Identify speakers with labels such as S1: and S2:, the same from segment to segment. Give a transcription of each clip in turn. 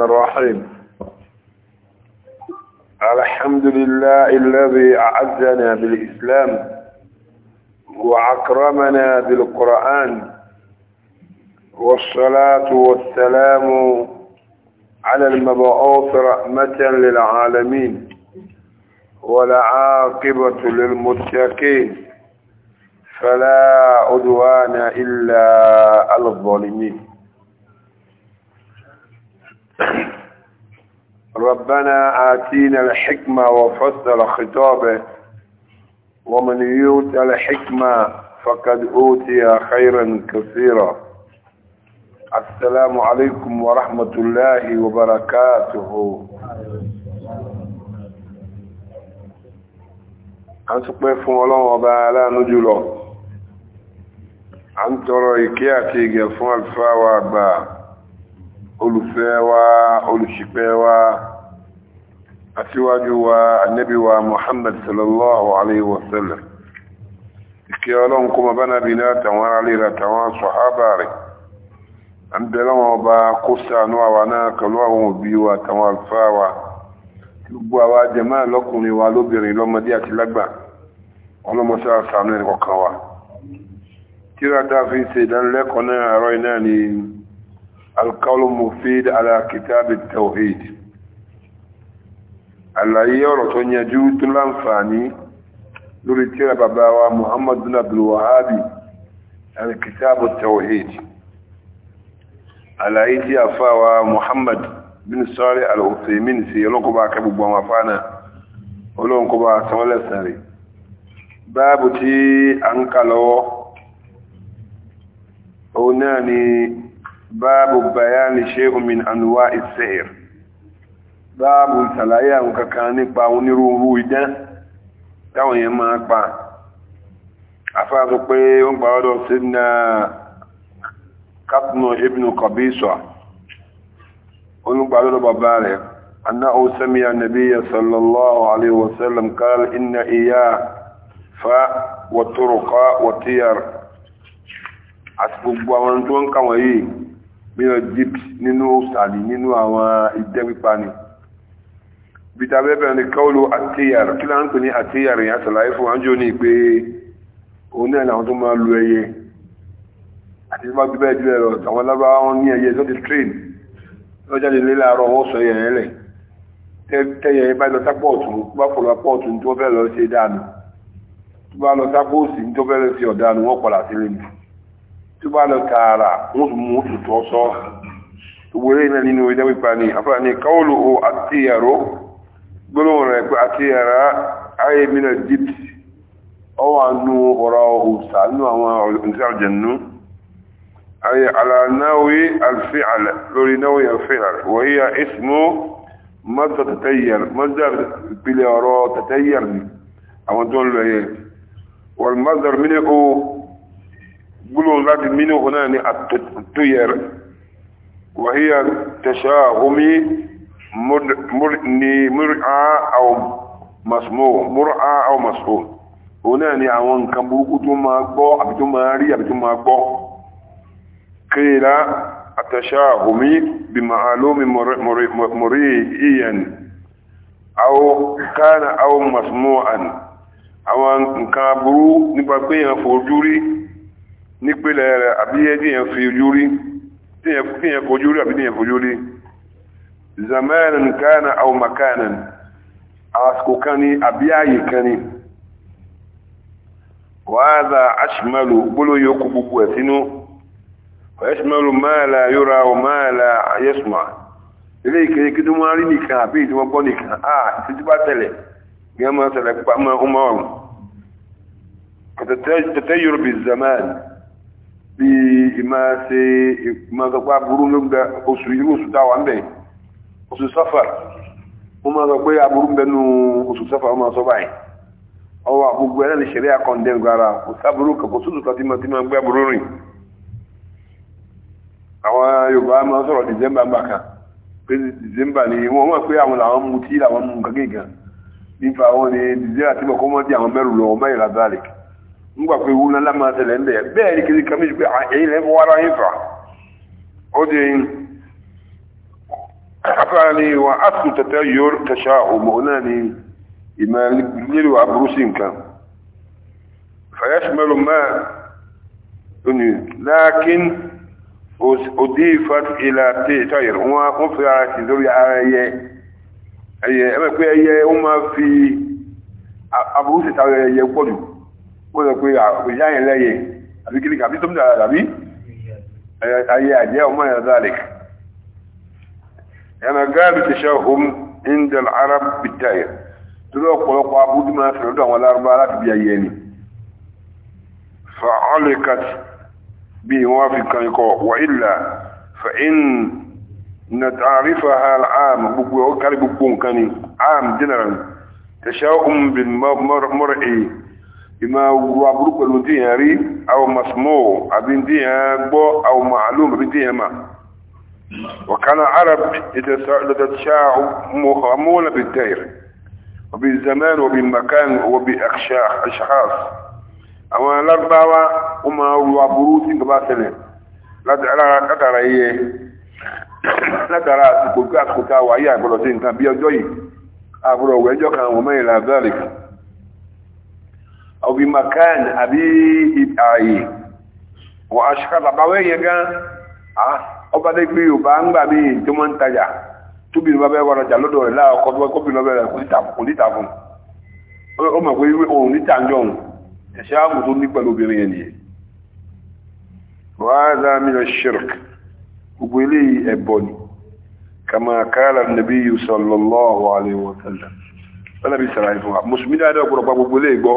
S1: الرحمن الرحيم الحمد لله الذي أعزنا بالإسلام وأكرمنا بالقرآن والصلاة والسلام على المبعوث رحمة للعالمين والعاقبة للمتقين فلا عدوان إلا على الظالمين ربنا آتينا الحكمة وفصل خطابه ومن يوت الحكمة فقد أوتي خيرا كثيرا السلام عليكم ورحمة الله وبركاته a ń الله fún ọlọ́run ọba aláàánú jùlọ a ń tọrọ olùfẹ́ wa olùṣìpẹ̀ wa aṣíwájú wa annabi wa muhammad sallallahu alaihi wasallam ìkẹ́ ọlọ́run kó ma bá nàbí látàwọn alẹ́ra tàwọn sọ̀hábà rẹ̀ a ń bẹ̀rẹ̀ wọn bá kó sànú àwa náà kọlu àwọn òbí wa tàwọn alfáà wa gbogbo àwa jẹ̀má lọ́kùnrin wa lóbìnrin lọ́mọdé àti lágbà ọlọ́mọsá sànú ẹnìkọ̀kan wa tíra dáfí ṣe ìdánilẹ́kọ̀ọ́ náà àárọ̀ náà ni القول المفيد على كتاب التوحيد àlàyé ọ̀rọ̀ tó yẹjú tó láǹfààní lórí tíra bàbá wa muhammad bin abdulwahabi alkitabu tawhid àlàyé tí a fa wa muhammad bin sọ́rí al-husaymin sí ọlọ́kọba akẹ́gbogbo àwọn afáàna olóǹkọba sanwó-lẹ́sàn rẹ̀ báàbù tí a ń kà lọ́wọ́ òun náà ni باب بيان شيء من انواع السحر باب ṣàlàyé àwọn kankan nípa onírúurú idán táwọn yẹn máa pa afa sọ pé ó ń gba ọ̀dọ̀ sidna kapnu ibn qabisa ó ń gba ọ̀dọ̀ bàbá rẹ̀ anna ó sami annabi sallallahu alaihi wasallam qala inna iya fa wa turqa wa tiyar àti gbogbo àwọn tó ń kàwọn yìí mílíọ̀ jíìpì nínú sàlì nínú àwọn ìjẹ́ pípa ni bíta bẹ́ẹ̀ ni káwọ́lù àtẹ́yàrá kí láń pè ní àtẹ́yàrá yẹn àtàlàyé fún wájú ní pé òun náà làwọn tó máa lu ẹyẹ àti tó máa gbé bẹ́ẹ̀ jùlọ lọ àwọn lábáwá wọn ní ẹyẹ tó ti train lọ́jà lè lé láàárọ̀ wọ́n sọ ẹyẹ lẹ̀ tẹ́yẹ bá lọ sápọ̀ọ̀tù bá fọ̀lọ́ pọ̀ọ̀tù ní tó fẹ́ lọ ṣe dáànù tó bá lọ sápọ̀ọ̀sì ní tó fẹ́ lọ ṣe ọ̀dáànù wọ́n padà sílé mi tó bá lọ tààrà wọ́n tún mú tún tọ́ sọ gbogbo eré náà nínú ìdáwó ipa ni àfúrà ní káwọ́lù o àti ẹ̀rọ gbólóhùn rẹ̀ pé àti ẹ̀rá ayé mìíràn egypt ọwọ́ àánú ọ̀rọ̀ òòsà nínú àwọn ìṣàjẹ̀nú ayé alánáwé gbólóhùn láti mínú òun náà ni àtúyẹ̀rẹ̀ wàhíyà tẹ̀ṣà omi ni múrà àwọn masmó òun náà ni àwọn nǹkan burúkú tó máa gbọ́ àbí tó máa rí àbí tó máa gbọ́ kéèlá àtẹ̀ṣà omi bí màálómi mọ̀rí ìyẹn aw kana aw masmu'an àwọn nǹkan burú nípa pé èèyàn fojú rí nípele rẹ̀ àbí ẹdíyàn fi ojú rí tíyàn kojú rí àbí tíyàn kojú rí zamanin kánà aw makanan àsìkò kan ní àbí ààyè kan ní wàhádà ashmalu gbóló yóò kú gbogbo ẹ̀ sínú ashmalu ma la yura wa ma la yasma ilé ìkẹyẹ kí tó wọ́n rí nìkan àbí ìdí wọ́n gbọ́ nìkan àà ìtìjú bá tẹ̀lẹ̀ gẹ́mọ́ tẹ̀lẹ̀ pípa ọmọ ọ̀rùn tẹ̀tẹ̀ yorùbá zaman bí ìmá ṣe ìmọ̀gbà burú lóga oṣù irú oṣù táwà ń bẹ̀ oṣù sáfà wọ́n máa sọ pé aburú bẹnu oṣù sáfà o máa sọ báyìí ọwọ́ àgbogbo ẹ̀rẹ́ lè ṣẹ̀rẹ́ àkọ́ndẹ̀m gara kò sáburú kò sóṣù kan tí máa ti máa gbé aburú rìn àwọn Yorùbá máa sọ̀rọ̀ dìzẹ́mbà ń bà kan pé dìzẹ́mbà ni wọ́n mọ̀ pé àwọn làwọn mutí làwọn mú kankan nípa àwọn ni dìzẹ́ àti mọ̀kọ́mọ́dé àwọn mẹ́rù lọ mẹ́rìnlá dálẹ̀kì nígbà pé wúlọ lámà tẹ̀lẹ̀ ń bẹ̀ bẹ́ẹ̀ ni kìí kàmí pé èyí lẹ́fọ́ wára yín fà ó di afẹ́ni wa asùn tẹ̀tẹ̀ yóò tẹ̀ṣà òmò náà ni ìmọ̀ lílo aburú sí nǹkan fẹ̀yẹ́sì mẹ́lò máa ní lákín òdí fat ilà tẹ̀ tayẹ̀rù wọn fi àti lórí ara ẹyẹ ẹyẹ fi aburú sí tayẹ̀rù ẹyẹ ó lọ pé ìyá yẹn lẹ́yẹ àbí kí ni kàbí tó ń dára àbí ayé àjẹ́ ọmọ yẹn zalik ẹ̀nà gáàbì ti ṣe ohun indal arab bittaya tó lọ pọ̀lọpọ̀ abúdí máa àwọn ìmọ̀ wúru aburú pẹ̀lú díyàn rí àwọn masmọ́ àbí díyàn gbọ́ àwọn màálùm àbí díyàn mà وكان عرب يتشاعمون بالدير وبالزمان وبالمكان وبأشخاص أما الأربعة وما هو بروس كباسلين لا ترى لا ترى إيه لا ترى تقول كاتكوتا ويا بلوتين كان بيجوي أبرو ويجو كان وما إلى ذلك أو بمكان أبي آي وأشكر أبوي يجا ọba dé gbé yorùbá ń gbà mí tó máa ń tajà tóbi ní bàbá ẹwà ọjà lọ́dọ̀ rẹ̀ láàkọ́ tó kọ́bí lọ́bẹ̀ rẹ̀ kò níta fún ó mọ̀ pé òun níta ń jọ òun ẹ̀ṣẹ́ ààbò tó ní pẹ̀lú obìnrin yẹn nìyẹn wàá dá mi lọ ṣírk gbogbo eléyìí ẹ̀bọ ni kàmá káàlà nàbí sallallahu alaihi wa sallam bẹ́ẹ̀ bí sàlàyé fún wa mùsùlùmí dáadáa gbọ́dọ̀ gbogbo eléyìí gbọ́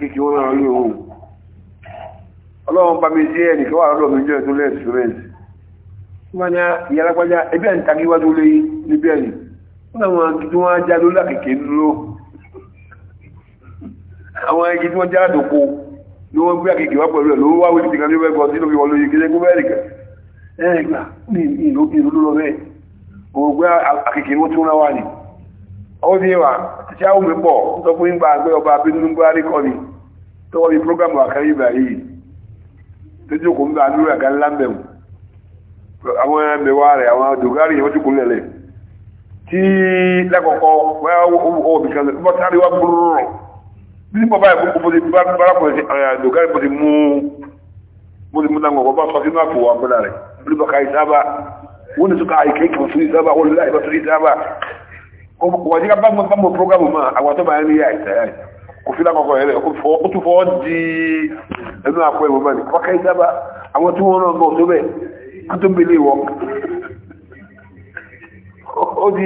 S1: kíkí wọ́n náà lè ohun ọlọ́run bá mi sí ẹnì kí wà lọ́dọ̀ mi jẹ́ tó lẹ́ experience wọ́n ní ìyá alápájá ẹbí ẹ̀ǹta kí wájú lé níbí ẹ̀nì wọ́n náà wọn kí wọ́n já lólà ni wọ́n gbé àkéèké wá pẹ̀lú ẹ̀ lówó wá wípé kan ní wọ́n gbọ́ sínú ní wà ní ọdún yẹn wà ó mi fún ìgbà àgbẹ̀ ọba abínú ń gbá rí ni tó wọ́n bí prógámù àkárí ìgbà yìí tó jókòó ń bá àdúrà àga ńlá mẹ́wù àwọn mẹ́wàá rẹ̀ àwọn dògárì yẹn wọ́n jókòó lẹ̀lẹ̀ tí lákọ̀ọ́kọ́ wọ́n ni suka aike kan su isaba wallahi ba su isaba ko wajen ba mu programu ma a wata bayani ya isa ya isa kò fi lákọ̀ọ́kọ́ yẹn lẹ̀ ó tún fọwọ́ di ẹnu àpò ẹ̀wọ̀n báyìí wákà ìjábá àwọn tí wọ́n náà tó bẹ̀ kó tó gbélé wọ. ó di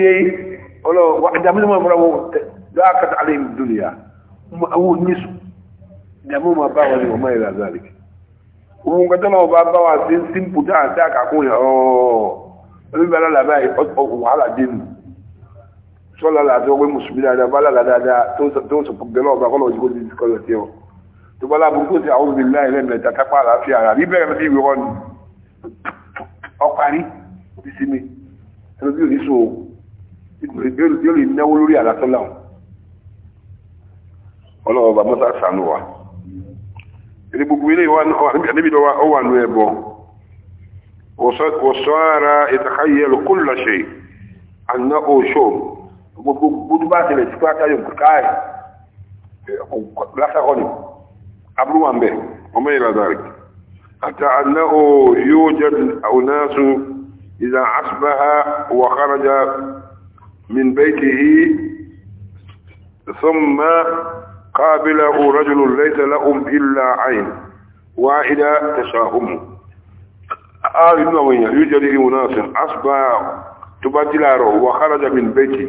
S1: ọlọ́wọ́ ìjàmbá mọ̀ fúnra wọn dáa kàtà alẹ́ ìdúlé yá àwọn oníṣù ìjàmbá mọ̀ bá wọn ni wọ́n máa yẹ sọ́lá láti ọgbẹ́ mùsùlùmí dáadáa bá lálàá dáadáa tó ń sọ̀pọ̀ gẹ́lọ́ ọ̀gbà kọ́lọ̀ òjìkó ti kọ́lọ̀ tí ọ tó bá láàbù tó ti àwọn obìnrin láì lẹ́nu ẹ̀ta tápá àlàáfíà rà rí bẹ́ẹ̀ bí ìwé ọ̀nì ọparí ti sinmi ẹnu bí oníṣò yóò lè náwó lórí àlàtọ́lá ọlọ́wọ́ bá mọ́sá sànù wa ẹni gbogbo ilé wa wà nù ẹ̀bọ wọ́sọ́ ara ìtàkáyẹ̀ lọ́kùnrin lọ́sẹ̀ àná òṣòro gbogbo gbogbo bá tẹ̀lẹ̀ tí kúrò àtàyè káì lásàkọ́ ni aburú wà ń bẹ̀ ọmọ ìlà dàrí àti àná o yóò jẹ́ àwọnáṣu ìlà asùbáhà wà kárajà min bẹ́ẹ̀kì yìí ثم قابله رجل ليس لهم إلا عين واحدة تشاهمه آه إنه يوجد مناصر أصبح تبدل وخرج من بيته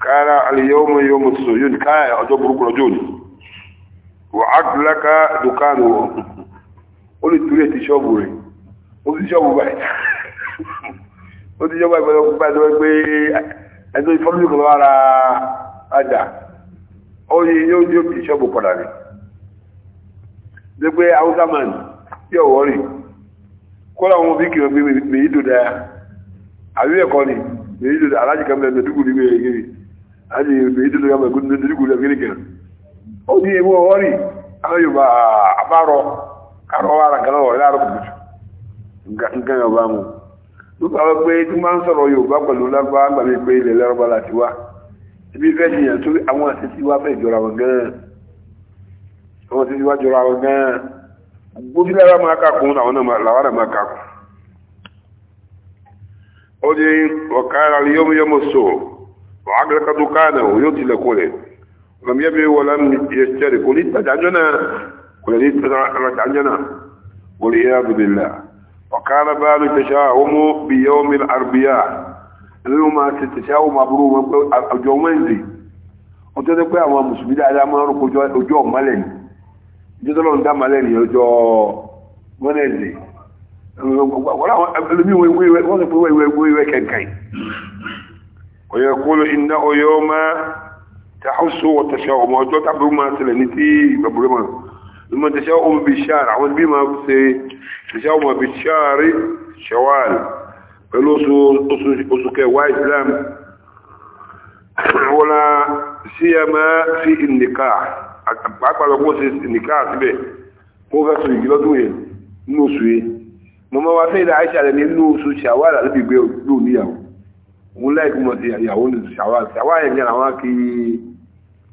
S1: قال اليوم يوم السجود كاي ọjọ́ burúkú lọ́jọ́ òní وأغلق دكانه ó lè torí ẹ̀ ti ṣọ́ọ̀bù rẹ̀ ó ti ṣọ́ọ̀bù báyìí ó ti ṣọ́ọ̀bù báyìí pẹ̀lú báyìí tó wẹ́ pé ẹjọ́ ìfọ́nlú kan lára ajá ó yẹ yóò yóò ti ṣọ́ọ̀bù padà rẹ̀ lé pé haúsá kọ́lá wọn bí kìlọ̀ pé mèyí dòdà àbí ẹ̀kọ́ ni mèyí dòdà alájìká mẹ́rin mẹ́dúkù ní mẹ́rin àti èyí tó lè gbàgbé kó nítorí kò lẹ́gbẹ̀ẹ́ nìkan ewu ọwọ́ rí àwọn yorùbá àbárọ kárọ wàrà kan lọ́wọ́ láàrọ kùtù nǹkan yorùbá mu ló bá wọ pé tí máa ń sọ̀rọ̀ yorùbá pẹ̀lú lágbá gbàgbé pé ilẹ̀ lọ́rọ̀bá láti wá ibi fẹ́ jìyàn tó àwọn àtẹ́tí wá wọn gan gan وعقلك دكانه ويطلق كله ولم يبي ولم يشتري قل اتجعجنا قل اتجعجنا والعياذ بالله وكان بال تشاؤم بيوم الاربعاء اليوم تتشاؤم مبروم الجومندي ọjọ́ tó pé àwọn mùsùlùmí dáadáa máa ń rúkọ ojú ọ̀mọ́lẹ̀ ni ìjọ tó lọ́nà dá màlẹ̀ وي وي وي وي وي وي وي wẹ́wẹ́ kẹ̀kẹ́ ويقول إنه يوم تحس وتشاؤم وجو تعبر ما سلنتي ببرما لما تشاؤم بالشارع والبما تشاؤم بالشارع شوال فلوسو أسوك وإسلام ولا سيما في النكاح أكبر لقوة النكاح به قوة سوي لدوين نوسوي مما وفيد عيش على نوسو شوال على بيبيو دونيهم òun láì kúmọ̀ sí ìyàwó ní ṣàwárí ṣàwárí ẹ̀mí àwọn kí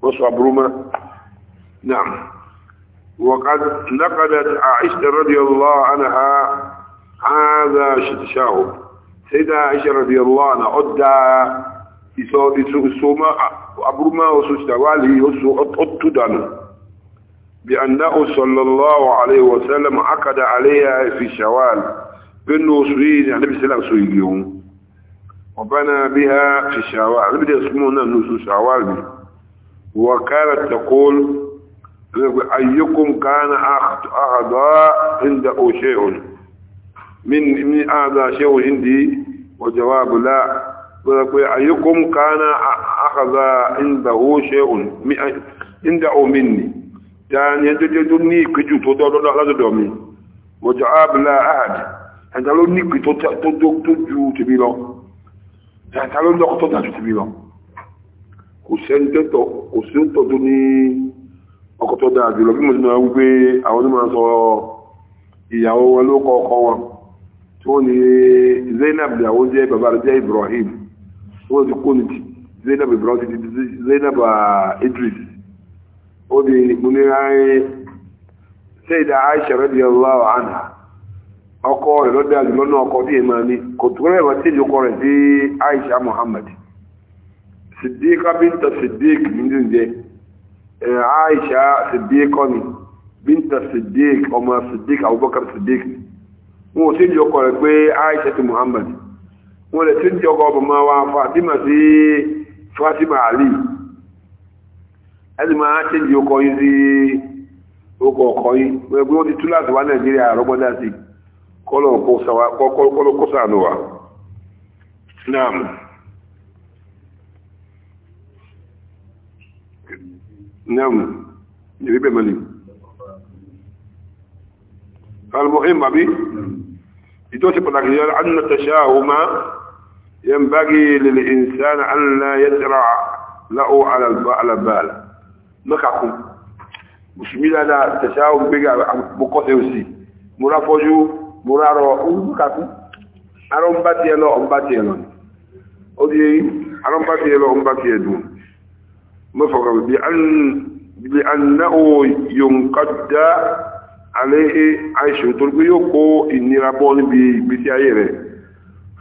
S1: wọ́n sọ àbúrú mọ́ náà وقد نقلت عائشة رضي الله عنها هذا التشاؤم سيدة عائشة رضي الله عنها أدى ìsọmọ́ abúrúmọ́ oṣù ṣàwálì oṣù ọ̀tọ́dánù bí annáhù sallallahu alaihi wasallam akada aléyà fi ṣàwálì pínú oṣù yìí ni alẹ́bìsílẹ̀ sọ ìgbé ohun وبنى بها في شوال بدأ يسمونها نصوص شوال وكانت تقول أيكم كان أعضاء عند شيء من من أعضاء شيء عندي وجواب لا أيكم كان أخذ عنده شيء عنده مني يعني يجدني كجو تدور لا تدومي وجواب لا أحد هذا لو نيك تدور تدور تبي له ẹ̀ka ló lọ́kọ́ tọ́jà tó ti bí lọ kò sẹ́ni tẹ́tọ̀ kò sí tọ́ tó ní ọkọ̀ tó dáa jùlọ bí mo ti máa wípé àwọn tó máa sọ ìyàwó wọn ló kọ ọkọ wọn tí wọ́n ní Zainab ìyàwó jẹ́ bàbá rẹ̀ jẹ́ Ibrahim tí wọ́n ti kó ọkọ rẹ̀ lọ́dẹ́ àjùlọ ọkọ tí èèmà ní kò tó rẹ̀ wọ́n tí ìyókọ rẹ̀ sí Aisha Muhammad Siddiqa bínta Siddiq nínú jẹ́ Aisha Siddiqa ni binta Siddiq ọmọ Siddiq Abubakar Siddiq wọ́n tí ọkọ rẹ̀ pé Aisha ti Muhammad lè tí ọmọ Fatima sí Fatima Ali ẹni máa tí yìí sí ọkọ̀ ọkọ̀ yìí wọ́n ti tú láti wá Nàìjíríà kọ́lọ̀ kó sàánú wa náà náà yìí bẹ̀ mọ́lì المهم أبي يدوتي بالأخير أن التشاؤم ينبغي للإنسان أن لا يسرع له على البال مكاكم بسم الله التشاؤم بقى بقصة يوسي مرافجو bụrụ arọ nkakụ arọmbatielọ ọmbatielọ odi arọmbatielọ ọmbatiedu mafaka bi an bi annahu yunkadda alayhi aishu turku yoko inira bon bi gbesi ayé rẹ̀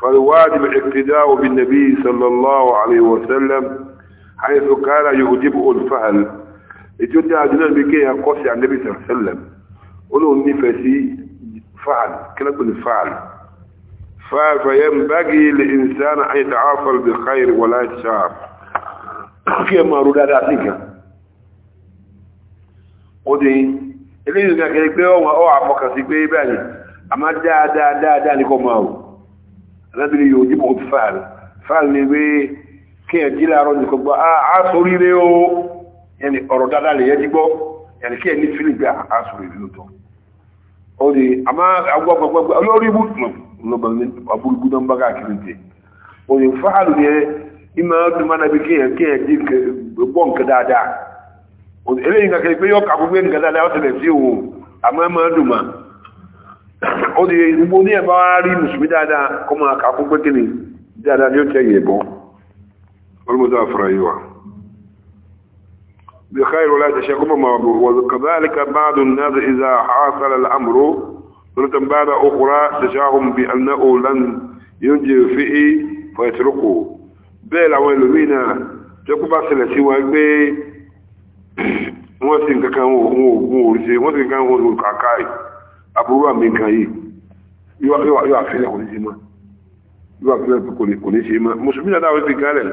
S1: فالواجب الاقتداء بالنبي صلى الله عليه وسلم حيث كان فعل كلا كل فعل فينبغي للإنسان أن يتعافر بالخير ولا يتشعر كما رودات أتنك ودي eléyìí ní akẹ́lẹ́ pé ọmọ ọ àfọkàsí pé báyìí a máa dáadáa dáadáa ní kọ máa wù alábìnrin yóò jí mọ̀ fààlì fààlì ní pé kí ẹ̀ jí láàárọ̀ ní kọ gbọ́ a sórí rẹ̀ o yẹni ọ̀rọ̀ dáadáa lè yẹ jí gbọ́ yẹni kí ẹ̀ ní fílì gbà a sórí rẹ̀ lóòótọ́ ó ní àmá agbọ́gbọ́gbọ́ olórí ibú abúrúgbú náà ń bá káàkiri ti ó ní fáàlù yẹn ìmọ̀ ọdún máa nàbí bụ kéèyàn jí gbọ́ nǹkan dáadáa eléyìí kankan nke ọ ẹ máa gbogbo ní ẹ̀bá wa rí mùsùlùmí dáadáa kọ́ máa kàkó pé kíni بخير ولا تشاكم معبوه وكذلك بعض الناس إذا حصل الأمر ثم بعد أخرى تشاهم بأنه لن ينجي فيه فيتركه بل أولوين تقوم بأسلة سوى wọ́n sì ń kankan ohun oríṣe wọ́n sì ń kankan ohun olùkàkà àbúrú àmì nǹkan yìí yóò àfihàn kò ní ṣe mọ́ yóò àfihàn kò ní ṣe mọ́ mùsùlùmí dáadáa wọ́n ti gálẹ̀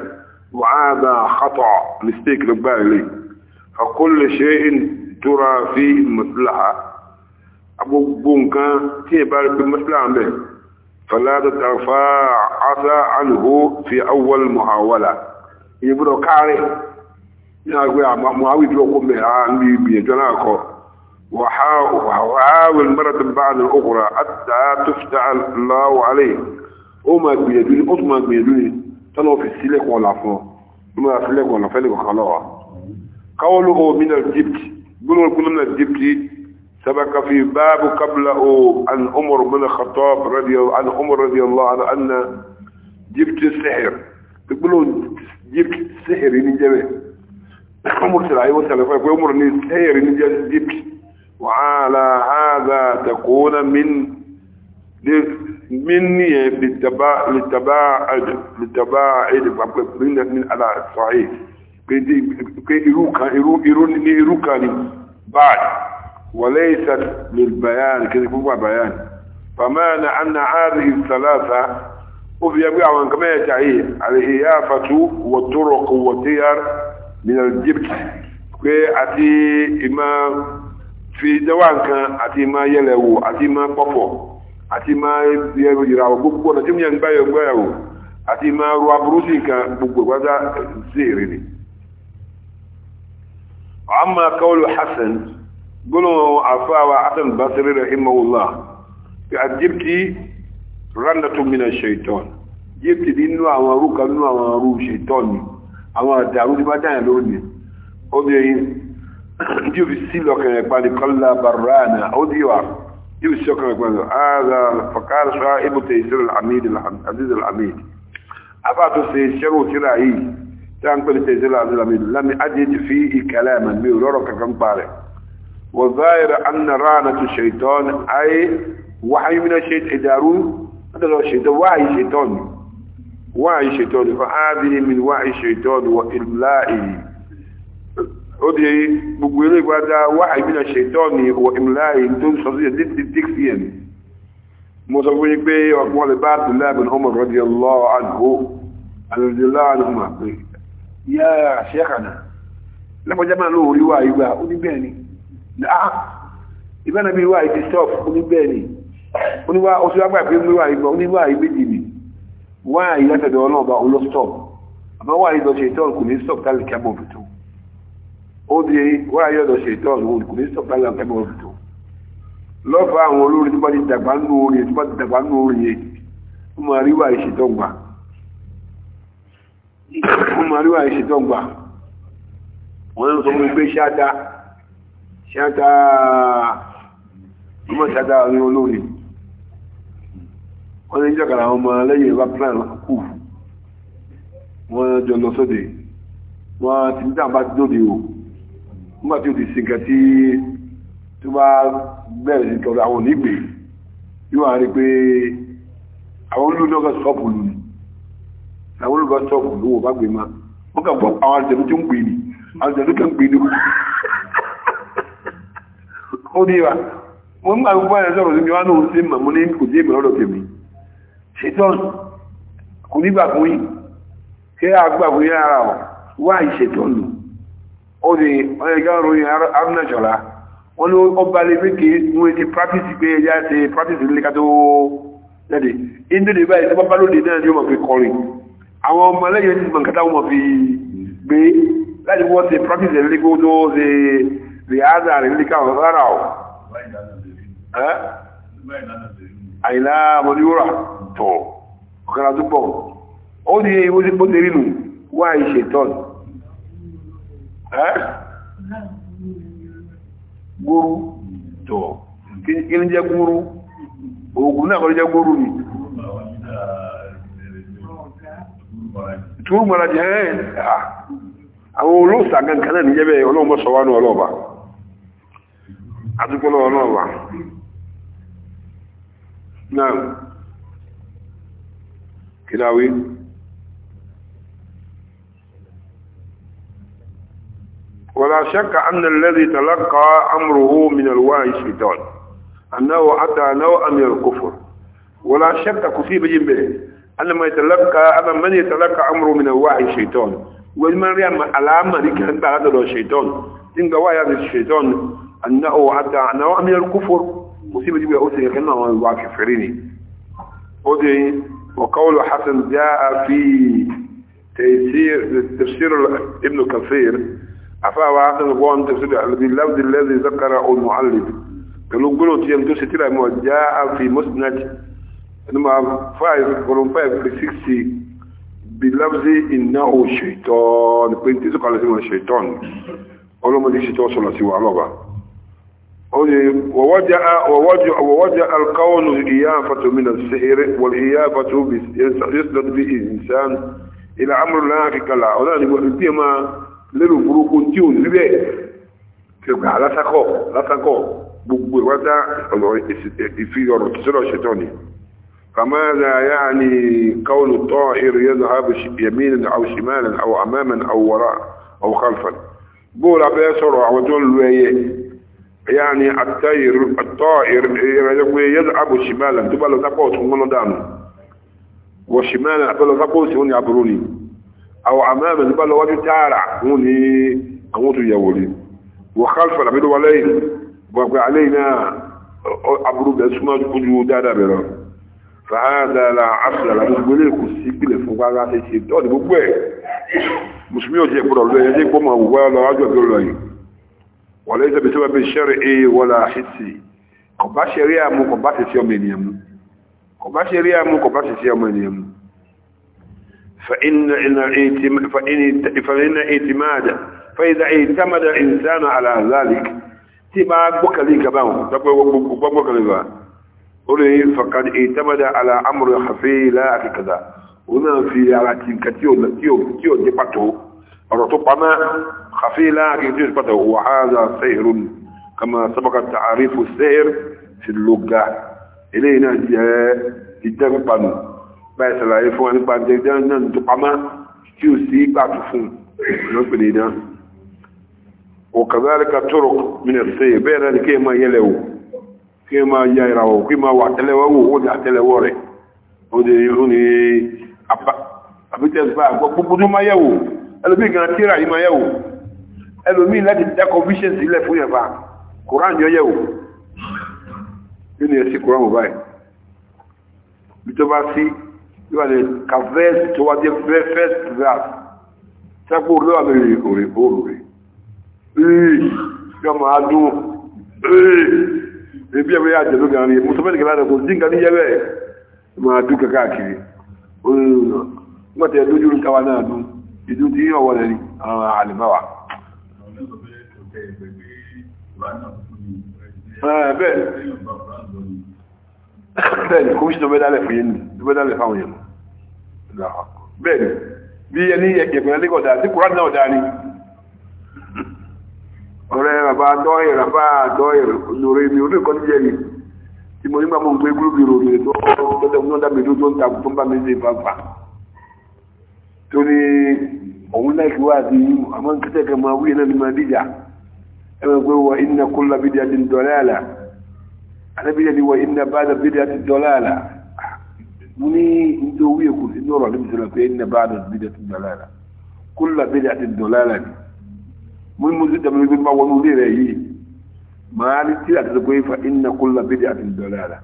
S1: wàhálà àtọ̀ mistake ló gbáà lélẹ̀ فكل شيء ترى فيه مصلحة gbogbo nǹkan tí ìbá rí pé mọ́síláà mẹ́ fàlátàtà fa asa anhu fi awwal muhawala ìyẹn bọ́dọ̀ káàrẹ̀ ní agbẹ́ àmàwí tí ó kó mẹ́ àmì ìgbìyànjọ́ náà kọ wàháwìn mẹ́rẹ̀tà bá ní okùnrin àtà tó fi dá aláwọ̀ alẹ́ ó máa gbìyànjú ní ó tún máa gbìyànjú ní tọ́lọ́ fi sílẹ̀kùn ọ̀la fún ọ قوله من الجبت قلوا كنا من الجبت سبق في باب قبله عن عمر بن الخطاب رضي عن عمر رضي الله عنه أن جبت السحر يقولوا جبت السحر من جبه عمر صلى الله عليه وسلم يقول عمر السحر من جبت وعلى هذا تكون من مني بالتباعد للتباعد من على الصعيد pé irú kan irú ní irú kan ni bad وليست للبيان كده هو بيان فمعنى أن هذه الثلاثة وفي يبقى عن كما يتعيه الهيافة والطرق والتيار من الجبت أتي إما في دوان كان أتي ما يلو أتي ما قفو أتي ما يراو بقوة أتي ما يبقى يبقى أتي ما رواب روسي كان بقوة هذا سيرني وعما قول حسن قلوا عفاوة حسن بصري رحمه الله فأجبت رنة من الشيطان جبت دينو عمارو كمنو عمارو شيطان عمار دارو دي بدان لوني أودي ديو في سيلو كان يقبالي قلا برانا أودي وعف ديو في سيلو كان يقبالي هذا فقال صاحب تيسير العميد العزيز العميد أفاتو سيشيرو تراهي تنقل تيزيل عبد الحميد لم أجد فيه كلاما بيورورك كم طارق والظاهر أن رانة الشيطان أي وحي من الشيطان إدارون هذا هو الشيطان وحي شيطان وحي شيطان فهذه من وحي الشيطان وإملائه أدري بقولي بعد وحي من الشيطان وإملائه دون صديق ضد تكفيا مصوري بي وقوال بعض الله بن عمر رضي الله عنه رضي الله عنهما yá ṣẹ́kànà lẹ́kọ̀ọ́já máa lóòrí wà ìgbà oníbẹ̀ẹ̀ni ah, náà ìbẹ́nà bí wà ìdí stop oníbẹ̀ẹ̀ni oníwà oṣù agbà pé wà ìgbà oníwà ìbéjì mi wà ìlẹ́tẹ̀dẹ̀ ọlọ́ọ̀bá oló stop àmọ́ wà ìdọ̀ ṣe tọ́ọ̀lù kò ní stop tálì kẹ́mọ̀ òfìtò ó di wà ìdọ̀ ṣe tọ́ọ̀lù kò ní stop tálì kẹ́mọ̀ òfìtò lọ́fà àwọn olórin tó bá ti dàgbà nù orin tó bá ti dàgbà nù orin yẹn wọ́n máa rí mọ̀lúwà ìṣètọ́gbà wọ́n ń sọ mú ṣáta ṣáta ọmọ ṣáta rí olóòrì wọ́n ní jọ́kàrà ọmọ lẹ́yìn ìwà plan kù wọ́n jọ lọ sóde wọ́n ti ní tàbá dóde o nígbà tí ó ti sìnkà tí tó bá bẹ̀rẹ̀ sí tọrọ àwọn onígbè yóò rí pé àwọn olùdókọ̀ sọ́ọ̀pù lónìí làwọn olùbá sọ́ọ̀bù lówó bá gbé ma ó kà bọ́ àwọn àjẹ̀lú tó ń kan pè ní ó ní wa wọ́n máa gbọ́ ẹ̀ sọ̀rọ̀ síbi wọn lóhun sí màmú ní kò dé ìmọ̀ lọ́dọ̀ tèmi ṣetán kò nígbà fún yìí kí á gbà fún yìí ara ọ̀ wá ìṣetán lò ó ní ọ̀yẹ̀gá ròyìn arúnàṣọ́lá wọ́n ló ọba lè fi kí wọ́n ti practice pé ẹja ṣe practice lè ká tó jáde inú lè báyìí tó náà ni ó mọ̀ fi kọrin àwọn ọmọ lẹ́yìn ní mọ̀kátà wọn fi gbé láti wọ́n ti practice the kó tó the other rẹ̀ ní káwọn rárá o àìlá mọ̀lúwọ́rà tọ̀ ọ̀kára tó pọ̀ ó ní ewu tí bó ti rí nù wá ìṣe tọ́n gúrú tọ̀ kí ní jẹ́ gúrú oògùn náà kọ́ jẹ́ gúrú nìí tí wọ́n mọ́ra jẹ́ àwọn olóòsà gankan náà níjẹ́bẹ̀ ọlọ́mọ sọ wánú ọlọ́ọ̀bà àtúkọ́lọ́ náà kìláwí ولا شك أن الذي تلقى أمره من الوحي الشيطان أنه أتى نوعا من الكفر ولا شك كثير جنبه على ما يتلقى على من يتلقى امره من الوحي الشيطان ومن ريا علامه دي كان بعد الشيطان ان قوايا الشيطان انه حتى نوع من الكفر مصيبه دي بيقول كان هو كافرين ودي وقول حسن جاء في تيسير تفسير ابن كثير عفاوة حسن قوان تفسير الذي باللفظ الذي ذكره المعلم قالوا قلوا تيمتوسي تلا جاء في مسند number five column five sixty bilabzi innahu shaitan pé tí sọ̀kalẹ̀ sí wọn shaitan ọlọ́mọdé shaitan sọ̀rọ̀ sí wa lọ́ba ووجع القول الإيافة من السحر والإيافة يسلط به الإنسان إلى أمر لا حقيقة له ولا نقول ما لرو فروق تيون ربي كيف على سكو لا سكو بوبو ودا الله يفيد الشيطان فماذا يعني قول الطائر يذهب يمينا أو شمالا أو أماما أو وراء أو خلفا بولا بيسرع وجل يعني الطائر الطائر يذهب شمالا تبالا تقوت من دام وشمالا تبالا تقوت من يعبروني أو أماما تبالا وجه تارع هوني أموت يولي وخلفا عبدوا عليه وعلينا علينا أبرو بأسماء كجو دادا بلو fàáza la afra la gbogbo ilé kò sí ìpìlẹ̀ fún wa láti ṣe tọ́ọ̀dì gbogbo ẹ̀ mùsùlùmí ò jẹ́ gbọ́dọ̀ lọ ẹ̀yẹ́ gbọ́mọ àwùwá lọ ájọ́ tó lọ yìí wọ́n lè sẹ́bi sẹ́bi sẹ́rẹ̀ ẹ̀ wọ́lá àṣìṣe kò bá ṣẹ̀rí àmú kò bá ti ṣe ọmọ ènìyàn mú kò bá ṣẹ̀rí àmú kò bá ti ṣe ọmọ ènìyàn قولي فقد اعتمد على امر خفي لا كذا هنا في على تيو تيو تيو دي باتو رطبنا خفي لا كذا باتو وهذا سحر كما سبق تعريف السحر في اللغة إلينا جدًا بانو باي سلاي فو ان بان جدًا نان تقما تيو سي باتو فون نوبني وكذلك طرق من السحر بين الكلمه يلو kí ẹ máa ya ìràwọ̀ kí máa wà tẹ́lẹ̀wọ́ wò ó ní àtẹ́lẹ̀wọ́ rẹ̀ ó ní ó ní àbítẹ́sípa àgbọ́ gbogbo tó máa yẹ̀wò ẹlòmíì gan tíra yìí máa yẹ̀wò ẹlòmíì láti dá confusion sílẹ̀ fún yẹ̀fà koran yọ yẹ̀wò yóò ní ẹsí koran mobile bí tó bá sí yóò ní kavẹ́s tó wá dé first verse sápò olówó àmì òrèbó rè yóò máa dún ebi ẹ̀wẹ̀ àjẹ̀lú gan ni musa mẹ́rin kẹlá rẹ̀ kò dín kaní yẹ́wẹ̀ máa dún kẹ káàkiri gbọ́tẹ̀ lójú káwa náà dún ìdún tí ọwọ́ rẹ̀ ni àwọn àlìmáwà bẹ́ẹ̀ni kọmíṣínà mẹ́dálẹ̀ fún yẹn ni mẹ́dálẹ̀ fáwọn yẹn bẹ́ẹ̀ni bí ẹni ẹgbẹ̀rẹ̀ lẹ́gọ̀dá sí kúrán náà dáa ni ọ̀rẹ́ bàbá dọ́yẹ̀ bàbá dọ́yẹ̀ lórí mi orí nǹkan jẹ́ yìí tí mo nígbà mo ń gbé gúrúbì ròyìn tó tọ́jọ́ mú náà mẹ́jọ tó ń ta tó ń bá mi ṣe pàpà tó ní òun láìkí wá sí àmọ́ ń kẹ́tẹ́ kẹ́ máa wúyẹ náà ní máa dìjà ẹ máa gbé wa iná kó la bídíà ti dọ̀lẹ́ àlà alábíyẹ ni wa iná bá da bídíà ti dọ̀lẹ́ àlà mo ní nítorí wúyẹ kò sí ní ọ̀rọ̀ níbi sọ̀rọ̀ pé iná bá da bídíà ti la mo ní mo ti dàbí pé máa wọnú ilé rẹ yìí màá ní fa iná kólà bídí àti dọ́là àlà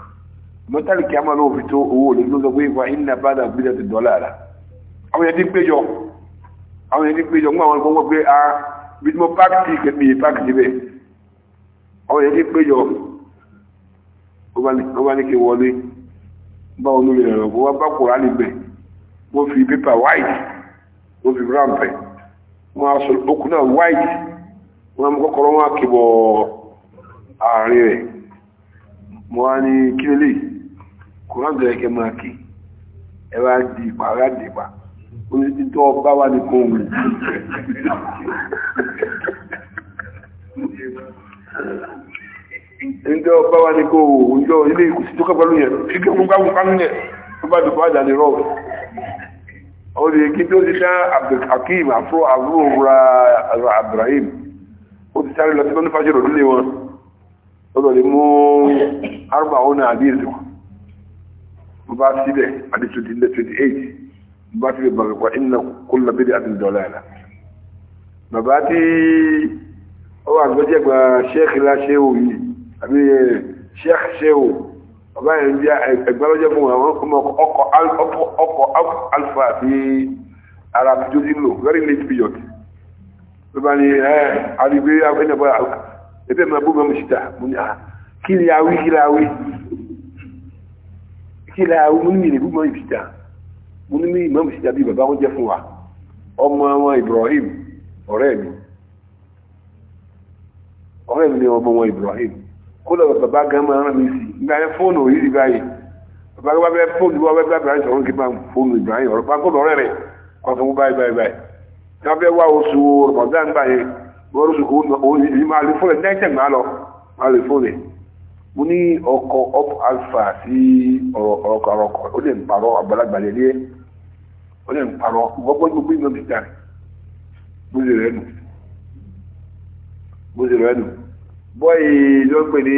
S1: mọ́tàlì kí a máa lọ́wọ́ fi tó owó òní ló sọ pé fa iná bàdà bídí àti dọ́là àlà àwọn yẹn ti péjọ àwọn yẹn ti péjọ mú àwọn ọgbọ́n wọ́n pé a ah, bí mo páàkì kẹ́mi yìí páàkì síbẹ̀ àwọn yẹn ti péjọ ó bá ní kí wọlé bá wọn lórí ẹ̀rọ bó wá bá kùránì bẹ̀ fi pépà white wọ́n fi brown pẹ̀ wọn aṣọ okù náà white wọn a mú kọ́kọ́rọ́ wọn kìbọ̀ ààrin rẹ̀ mọ́ wá ní kílélẹ̀ kòrán bẹ̀rẹ̀ kẹ máa kí ẹwà dìpa ẹwà dìpa onítítọ́ bá wà ní kóòmù ǹjọ́ bá orí kí tó ti dá abdulhakeem afro àbúrò ra abdulrahim ó ti sáré lọ sí lọ́nà fàṣẹrò nílé wọn ó lọ lè mú arúgbà ọ̀nà àdíyèsí wọn mo bá síbẹ̀ àti twenty eight mo bá síbẹ̀ bàbá wa iná kólà bídí àti dọ̀là yàrá bàbá tí ó wà gbọ́jẹ́gbà sheikh láṣẹ́wò bàbá yẹn bí ẹgbẹ́lọ́jẹ́ fún wọn ọkọ̀ alfa àti ara àtijọ́ sí lò very late period ló bá ní ẹ àdìgbé ẹnìyàbọ̀ ẹgbẹ́ mi abúgbọ́n mi síta mo ní kí ni awí kí ni awí kí ni awí mo ní mi ní abúgbọ́n mi síta mo ní mi ìmọ̀ mi síta bí bàbá wọn jẹ́ fún wa ọmọ wọn Ibrahim ọ̀rẹ́ mi ọ̀rẹ́ mi ni ọmọ wọn Ibrahim kó lọ bàbá gan máa rán mi sí gba ẹ fóònù yìí di báyìí bàbá gbọ́ bẹ fóònù wọn bẹ bá ibrahim sọ̀rọ̀ kí n bá fóònù ibrahim ọ̀rọ̀ pàkó lọ́rẹ́ rẹ̀ kọ́sọ̀ mú báyìí báyìí báyìí tí wọ́n fẹ́ wá oṣù rọ̀mọ̀dá nígbà yẹn wọ́n oṣù kò ní ìdí máa lè fóònù nẹ́ẹ̀tẹ̀ máa lọ máa lè fóònù mo ní ọkọ̀ up alpha sí ọ̀rọ̀kọ̀ ọ̀rọ̀kọ̀ ó lè ń parọ́ àgbàlagbà lélẹ́ ó lè ń parọ́ gbọ́gbọ́n gbogbo ìgbọ́n ti dà bó ṣe rẹ̀ nù bó ṣe rẹ̀ nù bọ́ọ̀yì ló pè ní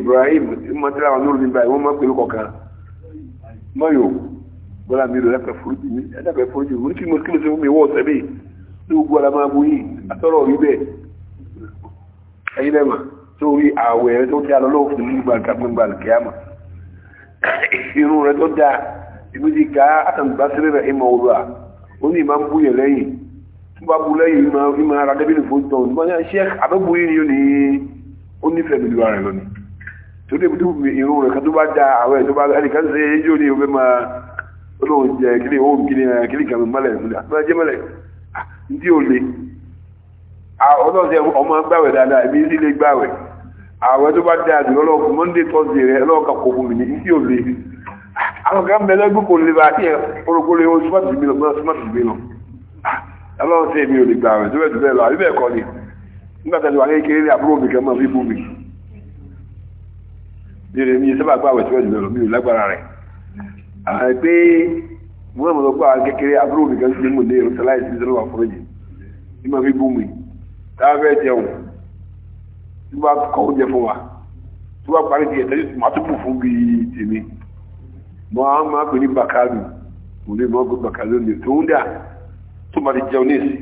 S1: Ibrahim tí wọ́n tẹ́lá wọn lórí nígbà wọ́n mọ́ pẹ̀lú kọ̀ọ̀kan mọ́yò bọ́lá mi lò lẹ́fẹ̀ẹ́ forójú mi ẹ̀dàfẹ́ forójú mi kí mo kí mo ṣe fún mi wọ́ ọ̀sẹ̀ bẹ́ẹ̀ ní gbogbo ara máa bu yìí àtọ́rọ̀ rí bẹ́ẹ̀ ẹ̀yin lẹ́mà tó rí àwẹ̀ rẹ tó dáa lọ́wọ́ fún mi gbà gbàgbà kíámà irun rẹ tó dáa ibi ti ká àtàǹgbà sílẹ̀ rẹ̀ ìmọ̀ òru à ó ní ìmá ń bú yẹn lẹ́yìn tó bá bú lẹ́yìn ìmọ̀ ara débìlì fún tọ̀ nígbà ní ó nífẹ̀ẹ́ lórí ara rẹ̀ lónìí torí ibi tó fi rẹ̀ kan tó bá da àwọn tó bá ẹnì kan ṣe é jó ní ọbẹ̀ máa ó jẹ kílì ó kílì ẹ̀ kan mọ́lẹ̀ mọ́lẹ̀ jẹ́ ọlọ́sẹ̀ ọmọ dáadáa ibi sí lè gbàwẹ̀ tó bá da àdúrà lọ́kù monday thursday rẹ̀ lọ́ọ̀ka kò fún mi ní o le àwọn kan nígbàtàdé wà kékeré ní àbúrò mi kẹ́mọ́ bí bú mi lèrè mi sábà gbà wẹ̀ síwájú lọ́rọ̀ mi ò lágbára rẹ̀ àwọn pé mo náà mo lọ gbà kékeré àbúrò mi kẹ́mọ́ mo lè rọ́ṣẹ́ láì sí sọ́lọ́wà fún mi ní ma fi bú mi táwọn fẹ́ jẹun tí wọ́n kọ́ oúnjẹ fún wa tí wọ́n parí ti ẹ̀tẹ́jú tó máa tó bù fún bíi tèmi mo àwọn máa pè ní bàkálù mo lè mọ́ pé bàkálù ni tó ń dà tó máa ti jẹun ní ìsìn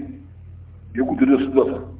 S1: yókù tó dé sí lọ́sàn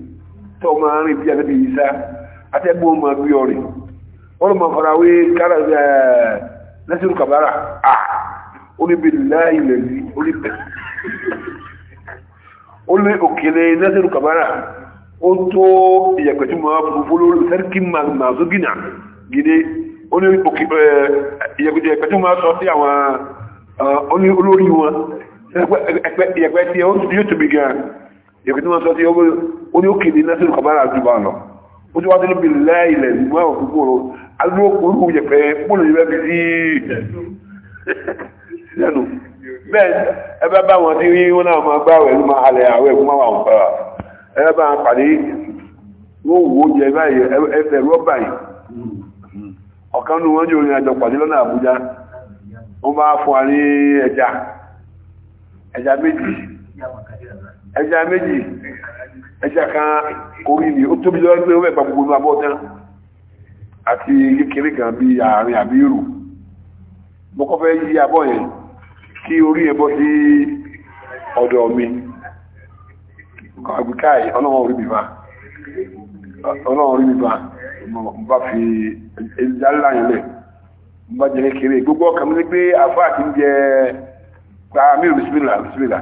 S1: tó máa rìn bí ànábì Ìsá atẹ́gbọ́n máa gbé ọ̀rìn wọ́n máa fara wé kára lẹ́sìn kàbára à oníbìláì lẹ́lí olíbẹ̀ ó lé òkèlè lẹ́sìn kàbára ó tó ìyàgbẹ́ tí máa fòfó lórí sẹ́ríkì máa tó gínà gidi ó ní ìyàgbẹ́ tí máa sọ sí àwọn olórí wọn ìyàgbẹ́ tí ó tóbi gan yẹ̀kùtí wọn sọ sí ọgbẹ́ orí òkèdè násìlú kàbára àdúgbà lọ ó ti wá tó lóbi láìlẹ̀ nígbà òkú kúrò alúgbò orúkú yẹ̀pẹ̀ púlù yẹ̀pẹ̀ bí sí lẹ́nu bẹ́ẹ̀ ẹbẹ́ bá wọn tí rí wọn náà máa gbá rẹ̀ ló máa halẹ̀ àwọ̀ ẹ̀kú máa wà ń fara ẹbẹ́ bá wọn ọ̀kan nínú wọn orin àjọ pàdé lọ́nà Àbújá wọn bá fún wa ẹja ẹja méjì ẹja méjì ẹja kan orí ni ó tóbi lọ́wọ́ pé ó mẹ́gbà gbogbo ní abọ́ tán àti kékeré kan bí àbí mo kọ́ fẹ́ yí abọ́ yẹn kí orí sí ọ̀dọ̀ mi orí mi fa ọlọ́run mi bá fi yẹn lẹ̀ bá jẹ́ kéré gbogbo ọkàn mi ní pé àfáà ti ń jẹ ah, mí ò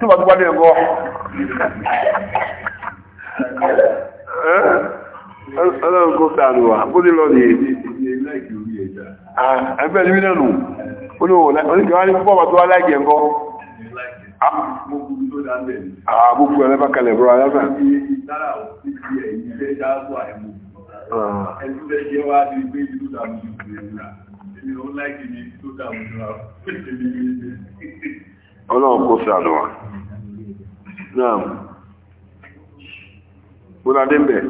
S1: tí wọ́n ti wá ní ẹ̀kọ́ ọlọ́run kó sàánù wà bó ní lọ ní ẹgbẹ́ ní mílẹ̀nù oníkẹwàá ní púpọ̀ tó wá láìkẹ̀ ẹ̀kọ́ àgbókù ẹlẹ́bà kalẹ̀ bọ́ra lásán Ẹgbẹ́ jẹ́ wá ní gbé ìlú dàmú ìlú ìrìnà. Èmi ó láìkì ní tó dàmú ìrìnà ọlọ́run kó sànù wa náà múládé mẹ́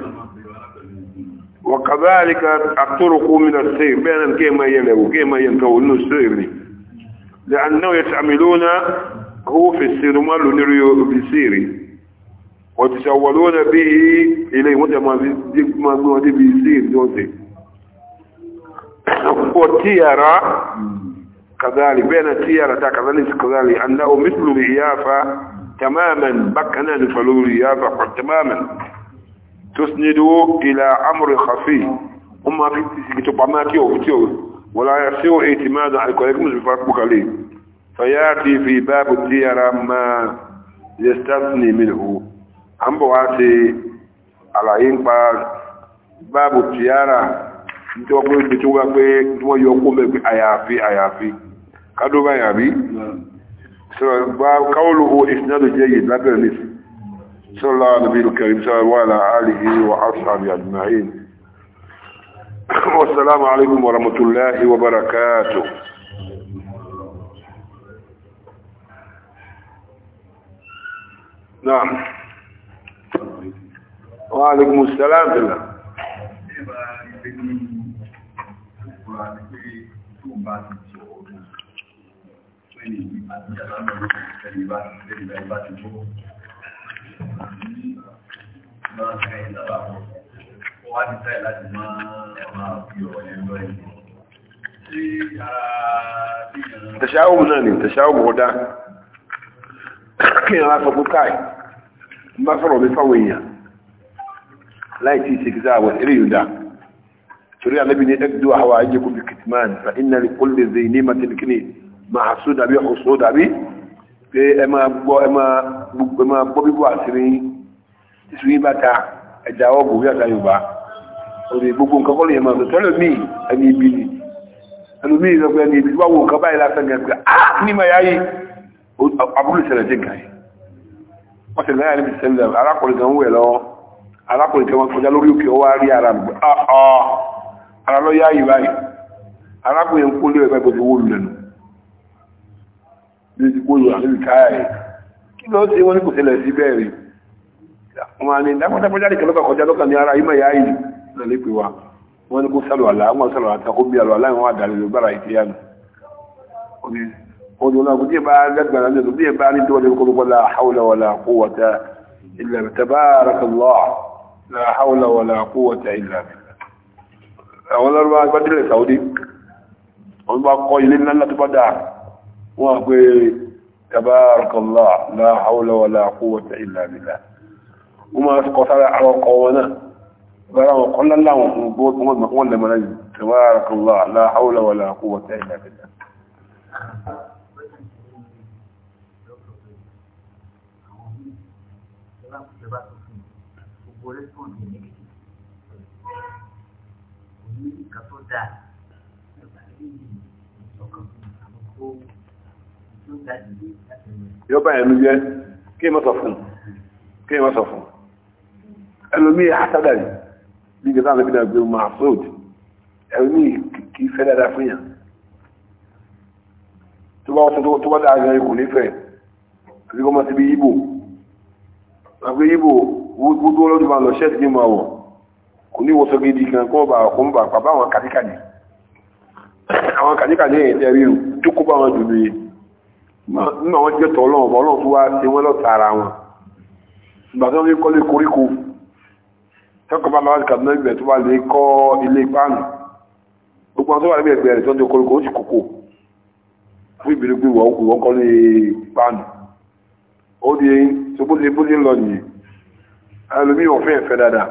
S1: wọ̀kàbá àríkà àtọ́rọ̀kú mìíràn sí bẹ́ẹ̀rẹ̀ kéèmà yẹlẹ̀wò kéèmà yẹnkà onú sírì lè annáwó yẹ tàmìlónà owó fèsìrì má lò nírí òbí sírì wọ́n ti sàwọ̀lónà bí ilé ìwọ́n tẹ̀ máa gbé wọn débi sírì كذلك بين سيارة كذلك كذلك أنه مثل الإيافة تماما بكنا نفعله الإيافة تماما تسنده إلى أمر خفي أما في تبعماتي وفتيو ولا يسيو اعتمادا على كلكم بفرقك عليه فيأتي في باب السيارة ما يستثني منه أم بواسي على إنقاذ باب السيارة nítorí wọ́n pé nítorí wọ́n yọ kó mẹ́gbẹ́ àyàfi àyàfi قالوا ما يا أبي قوله إسناد جيد لا بأنس صلى الله النبي الكريم صلى الله على آله وأصحابه أجمعين والسلام عليكم ورحمة الله وبركاته نعم وعليكم السلام بالله Wọ́n á ti tẹ́ láti máa fi ọ̀rọ̀ ẹ̀rọ ẹ̀yìn. Tẹ̀ṣáwò náà ni, tẹ̀ṣáwò mọ̀ọ́dá. Kí ìrànlá sọ pé káì, ń bá sọ̀rọ̀ mi fáwọn èèyàn láì tí àwọn eré yóò Torí àlẹ́bí ẹgbẹ́ àwọn ayé kò kìtìmáà nípa iná lè kó lè zè ní màá sún dàbí ọ̀sọ́ dàbí pé ẹ máa gbọ́ ẹ máa gbọ́ bíbọ̀ àṣírí tíṣu yín bá ta ẹja ọ̀gbọ̀n bí àṣà yorùbá òde gbogbo nǹkan kọ́ ló yẹ máa sọ tẹ́lẹ̀ míì ẹni ibi ni ẹni míì sọ pé ẹni ibi wá wo nǹkan báyìí lásán gan pé ah ní ma yáyé abúlé ìṣẹ̀lẹ̀ ti gàn yìí wọ́n ti lẹ́yìn níbi ìṣẹ̀lẹ̀ arákùnrin kan wẹ̀ lọ arákùnrin kan wọn kọjá lórí òkè ọwọ́ àárí ara mi ah, ah ara lọ yáyé báyìí arákùnrin kúnlé ẹgbẹ́ gbogbo wó lulẹ̀ nù lórí kó yọ àlórí káyà rẹ̀ wọ́n ni kó sálọ̀ àlá wọ́n sálọ̀ àtà kó bí àlọ́ àlá ìwọ̀n àdàlẹ̀ ló bára ìfẹ́ ọdún díẹ̀ bá gbàgbàrà ní díẹ̀ bá ní tó kó wọlá hawla wala quwwata illa tabarakallah la wọ́n pé tabarakallah la hawla wa la quwwata illa billah wọ́n máa kọ sára àwọn ọkọ̀ wọn náà bára wọn kọ́ lọ́lá wọn fún gbogbo wọn lẹ́mọ́lá yóò bá ẹnu jẹ́ kí ẹ mọ́sọ̀ fún kí ẹ mọ́sọ̀ fún ẹlòmí àtàdà yìí ní ìgbésà àti ìgbésà gbé máa fóòdì ẹlòmí kì í fẹ́ dáadáa fún yàn tó bá wọ́n tó bá dáa gan ikú nífẹ̀ẹ́ àti kọ́ máa ti bí yíbò àgbé yíbò gbogbo olóòdù máa lọ ṣẹ́ẹ̀tì ní máa wọ̀ kò ní wọ́sọ gidi kan kọ́ bá kò ń bà pàbá àwọn kàdíkàdì àwọn kàdíkàdì ẹ̀yẹ̀ tẹ́rí tó kó bá wọn jù lóye nínú àwọn jẹ́ tọ́ ọlọ́run ọlọ́run tó wá ṣe wọ́n lọ́ta ara wọn ìgbà tó ń kọ́ lé koríko tẹ́kọ̀ọ́ bá lọ́wọ́ kàdúnà ìgbẹ̀ tó wà lè kọ́ ilé páànù gbogbo àwọn tó wà níbi ẹgbẹ́ rẹ̀ tó ń di koríko ó sì kókó fún ìbílẹ̀ gbé wọ́n kò wọ́n kọ́ lé páànù ó di sobólébólé lọ nìyí ẹlòmíì ọ̀fẹ́ ẹ̀fẹ́ dáadáa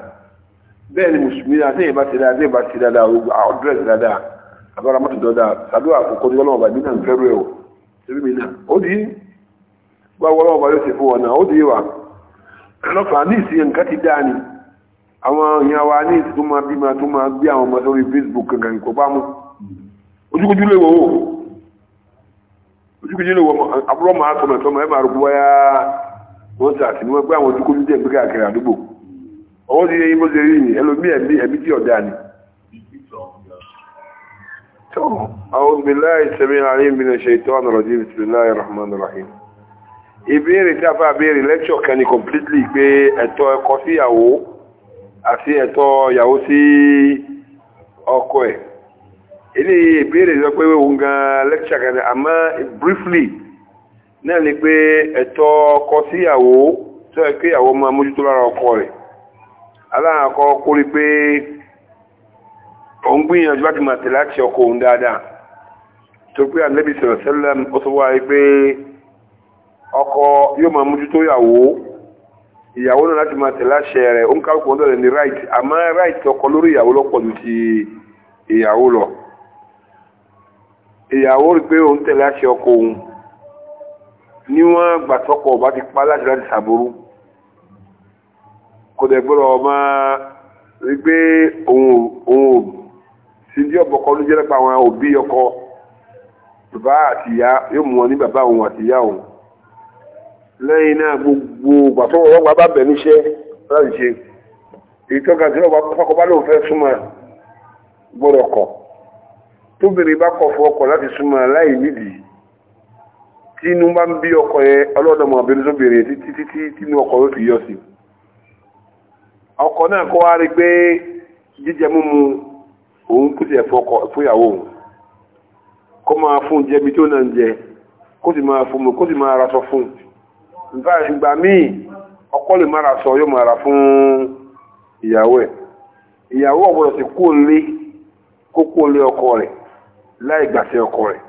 S1: bẹ́ẹ̀ ni mùsùlùmí àtẹ́yìn bá ti dáa àtẹ́yìn bá ti dáadáa ọdúrẹ́sì o torí mi náà ó di wá wọ́n ọba yóò ṣe fún wọn náà ó di wà ọlọ́pàá ní ìsìn nǹkan ti dáa ni àwọn èèyàn wa ní ìsìn tó máa bí máa tó máa gbé àwọn ọmọ sórí Facebook kankan kò bá mú ojúkojú lè wò ó ojúkojú lè wò ó àbúrò máa tọ̀nà tọ́mọ ẹ máa rògbò wáyà wọ́n ti àti wọ́n gbé àwọn ojúkojú dẹ̀ gbé káàkiri àdúgbò ọwọ́ ti yẹ yín bó ṣe rí yìí ẹ̀mí ẹ̀mí tí ọ̀dà ni. أعوذ بالله السميع العليم من الشيطان الرجيم بسم الله الرحمن الرحيم ìbéèrè tí a fà béèrè lẹ́kṣọ̀ kan ní completely pé ẹ̀tọ́ ẹkọ sí ìyàwó àti ẹ̀tọ́ ìyàwó sí ọkọ ẹ̀ ilé ìbéèrè lọ pé òun gan lẹ́kṣọ̀ kan ní àmọ́ briefly náà ni pé ẹ̀tọ́ ọkọ sí ìyàwó tó ẹ pé ìyàwó máa mójútó lára ọkọ rẹ̀ aláàkọ́ kórí pé òun gbìyànjú láti máa tẹ̀lé àti ọkọ òun dáadáa tó pé ànábì sọ̀rọ̀ sẹ́lẹ̀ ó sọ wá pé ọkọ yóò máa mójútó ìyàwó ìyàwó náà láti máa tẹ̀lé àṣẹ rẹ̀ ó ń ká ọkọ̀ ọ̀dọ̀ ní right àmọ́ right ọkọ lórí ìyàwó lọ́pọ̀ ju ti ìyàwó lọ ìyàwó rí pé òun tẹ̀lé àṣẹ ọkọ òun níwọ̀n gbàtọ́kọ̀ ọba ti pa láti láti sàbúrú kò dẹ̀ gbọ́dọ̀ ọmọ rí pé òun si ní ọbọkọ kọ́ ló jẹ́ lẹ́pọ̀ ọkọ bàbá àti ya ní bàbá òun àti ìyá náà gbogbo gbàtọ́ bá bẹ̀ níṣẹ́ láti ṣe èyí tó bá ọkọ láti láì nídìí ọkọ yẹn títí títí tínú ọkọ yóò fi yọ ọkọ náà wá rí òun kò sì ẹ̀fọ́ ọkọ fúyàwó òun kó máa fún jẹ́ bí tó náà ń jẹ kó sì máa fún mu kó sì máa ra sọ fún nígbà ìgbà míì ọkọ lè máa ra sọ yóò máa ra fún ìyàwó ẹ̀ ìyàwó ọ̀gbọ́dọ̀ sì kú òlé kó kú òlé ọkọ rẹ̀ láì gbàṣẹ ọkọ rẹ̀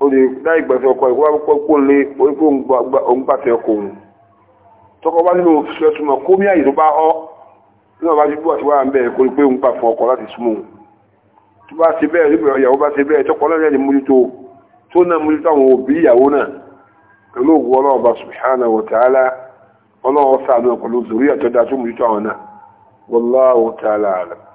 S1: ó lè láì ọkọ rẹ̀ kó kó kú orí kó ń gbàṣẹ ọkọ òun tọkọ bá nínú fẹsùn mọ kó mí àyè tó bá ọ tí wọ́n bá ti búwà tí wọ́n bẹ̀ kó pé ń pa fún ọkọ̀ láti súnmọ́ tó bá ṣe bẹ́ẹ̀ nígbà ìyàwó bá ṣe bẹ́ẹ̀ tọ́kọ náà ní múlító tó náà múlító àwọn òbí ìyàwó náà pẹ̀lú òwú ọlọ́ọ̀bá